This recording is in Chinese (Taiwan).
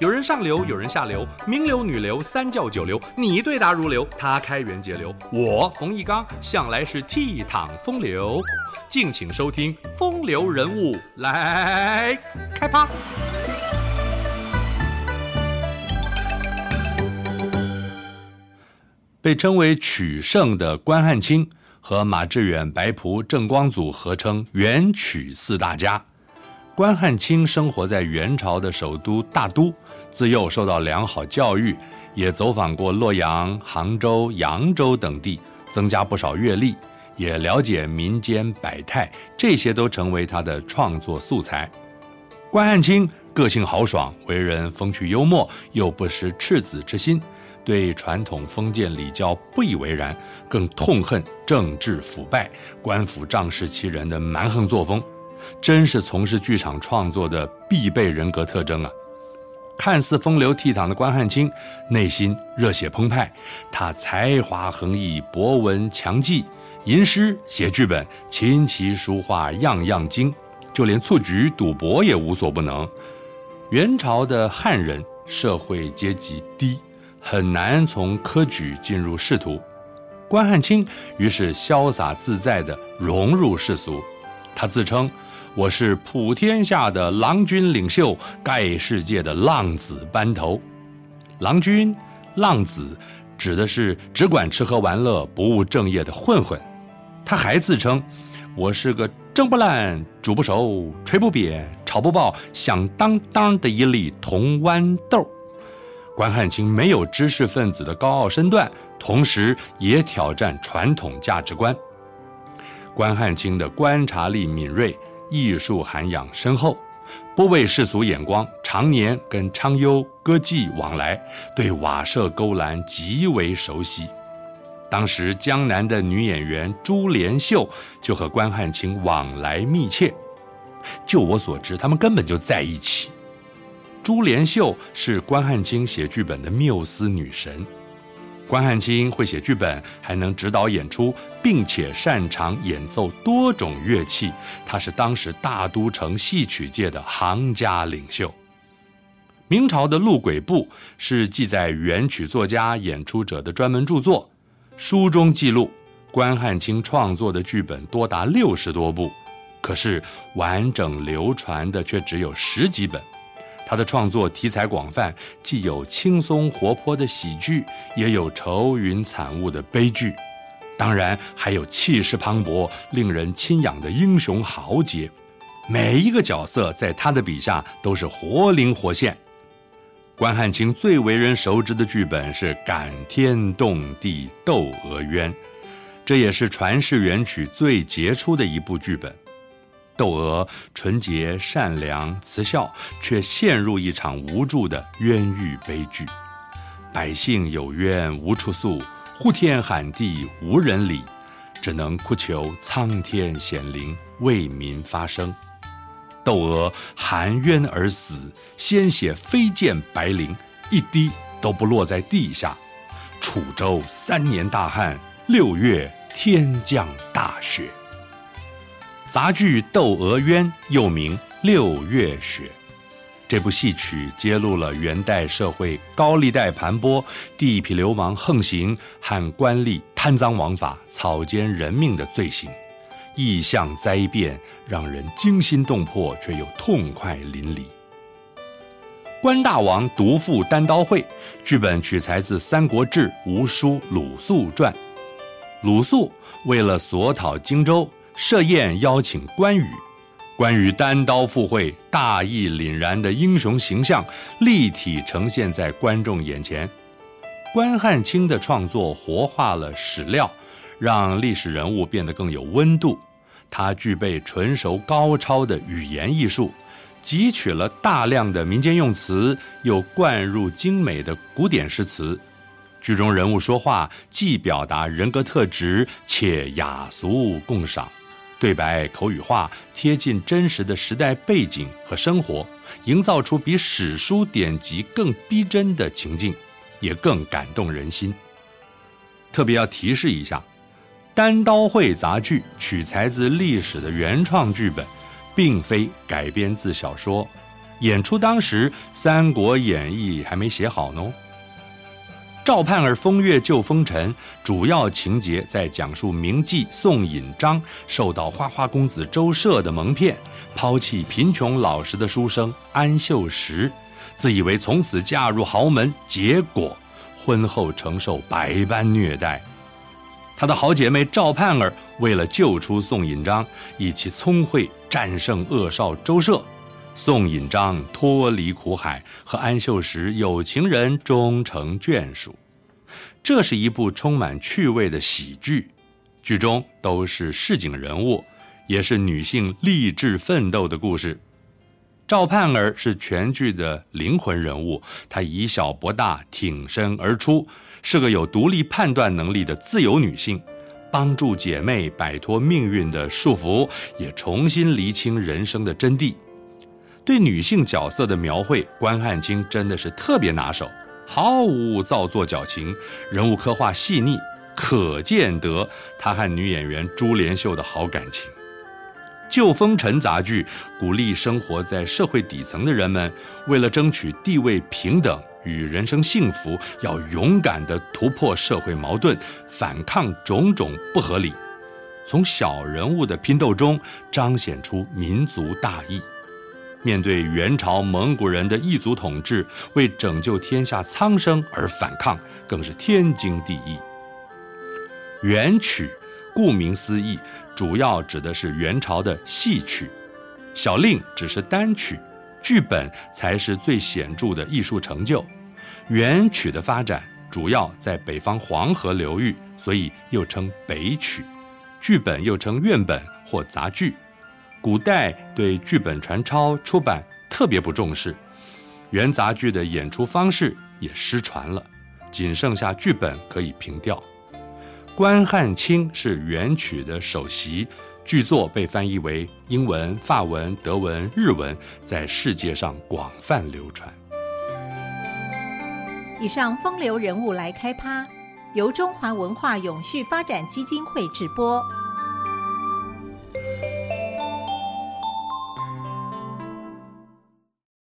有人上流，有人下流，名流、女流、三教九流，你對答如流，他開源節流。我馮翊綱向來是倜儻風流，敬請收聽《風流人物》來開趴。被稱為“曲聖”的關漢卿和馬致遠、白樸、鄭光祖合稱元曲四大家。關漢卿生活在元朝的首都大都。自幼受到良好教育，也走訪過洛陽、杭州、揚州等地，增加不少閱歷，也了解民間百態，這些都成為他的創作素材。關漢卿個性豪爽，為人風趣幽默，又不失赤子之心，對傳統封建禮教不以為然，更痛恨政治腐敗、官府仗勢欺人的蠻橫作風，真是從事劇場創作的必備人格特徵啊！看似風流倜儻的關漢卿，內心熱血澎湃。他才華橫溢，博聞強記，吟詩寫劇本，琴棋書畫樣樣精，就連蹴鞠賭博也無所不能。元朝的漢人社會階級低，很難從科舉進入仕途。關漢卿於是瀟灑自在地融入世俗，他自稱。我是普天下的郎君領袖，蓋世界的浪子班頭。郎君、浪子，指的是只管吃喝玩樂、不務正業的混混。他還自稱，我是個蒸不爛、煮不熟、捶不扁、炒不爆、響當當的一粒銅豌豆。關漢卿沒有知識分子的高傲身段，同時也挑戰傳統價值觀。關漢卿的觀察力敏銳。藝術涵養深厚，不畏世俗眼光，常年跟娼優歌妓往來，對瓦舍勾欄極為熟悉。當時江南的女演員朱簾秀就和關漢卿往來密切，就我所知，他們根本就在一起。朱簾秀是關漢卿寫劇本的繆斯女神。關漢卿會寫劇本，還能指導演出，並且擅長演奏多種樂器。他是當時大都城戲曲界的行家領袖。明朝的《錄鬼簿》是記載元曲作家、演出者的專門著作，書中記錄關漢卿創作的劇本多達六十多部，可是完整流傳的卻只有十幾本。他的創作題材廣泛，既有輕鬆活潑的喜劇，也有愁雲慘霧的悲劇，當然還有氣勢磅礴、令人欽仰的英雄豪傑。每一個角色在他的筆下都是活靈活現。關漢卿最為人熟知的劇本是《感天動地竇娥冤》，這也是傳世元曲最傑出的一部劇本。竇娥純潔善良、慈孝，卻陷入一場無助的冤獄悲劇。百姓有冤無處訴，呼天喊地無人理，只能哭求蒼天顯靈為民發聲。竇娥含冤而死，鮮血飛濺白綾，一滴都不落在地下。楚州三年大旱，六月天降大雪。雜劇《竇娥冤》又名《六月雪》，這部戲曲揭露了元代社會高利貸盤剝、地痞流氓橫行和官吏貪贓枉法、草菅人命的罪行，異象災變讓人驚心動魄，卻又痛快淋漓。關大王獨赴單刀會，劇本取材自《三國志·吳書·魯肅傳》。魯肅為了索討荊州，設宴邀請關羽，關羽單刀赴會，大義凛然的英雄形象立體呈現在觀眾眼前。關漢卿的創作活化了史料，讓歷史人物變得更有溫度。他具備純熟高超的語言藝術，汲取了大量的民間用詞，又灌入精美的古典詩詞。劇中人物說話既表達人格特質，且雅俗共賞。對白口語化，貼近真實的時代背景和生活，營造出比史書典籍更逼真的情境，也更感動人心。特別要提示一下，單刀會雜劇取材自歷史的原創劇本，並非改編自小說。演出當時，《三國演義》還沒寫好呢。趙盼兒風月救風塵，主要情節在講述名妓宋引章受到花花公子周舍的蒙騙，拋棄貧窮老實的書生安秀實，自以為從此嫁入豪門，結果婚後承受百般虐待。她的好姐妹趙盼兒為了救出宋引章，以其聰慧戰勝惡少周舍。宋引章脫離苦海，和安秀實有情人終成眷屬。這是一部充滿趣味的喜劇，劇中都是市井人物，也是女性勵志奮鬥的故事。趙盼兒是全劇的靈魂人物，她以小博大，挺身而出，是個有獨立判斷能力的自由女性，幫助姐妹擺脫命運的束縛，也重新釐清人生的真諦。對女性角色的描繪，關漢卿真的是特別拿手，毫無造作矯情，人物刻畫細膩，可見得他和女演員珠簾秀的好感情。救風塵雜劇鼓勵生活在社會底層的人們，為了爭取地位平等與人生幸福，要勇敢地突破社會矛盾，反抗種種不合理，從小人物的拼鬥中彰顯出民族大義。面對元朝蒙古人的異族統治，為拯救天下蒼生而反抗，更是天經地義。元曲，顧名思義，主要指的是元朝的戲曲。小令只是單曲，劇本才是最顯著的藝術成就。元曲的發展主要在北方黃河流域，所以又稱北曲。劇本又稱院本或雜劇。古代對劇本傳抄出版特別不重視，元雜劇的演出方式也失傳了，僅剩下劇本可以憑弔。關漢卿是元曲的首席，劇作被翻譯為英文、法文、德文、日文，在世界上廣泛流傳。以上風流人物來開趴，由中華文化永續發展基金會直播。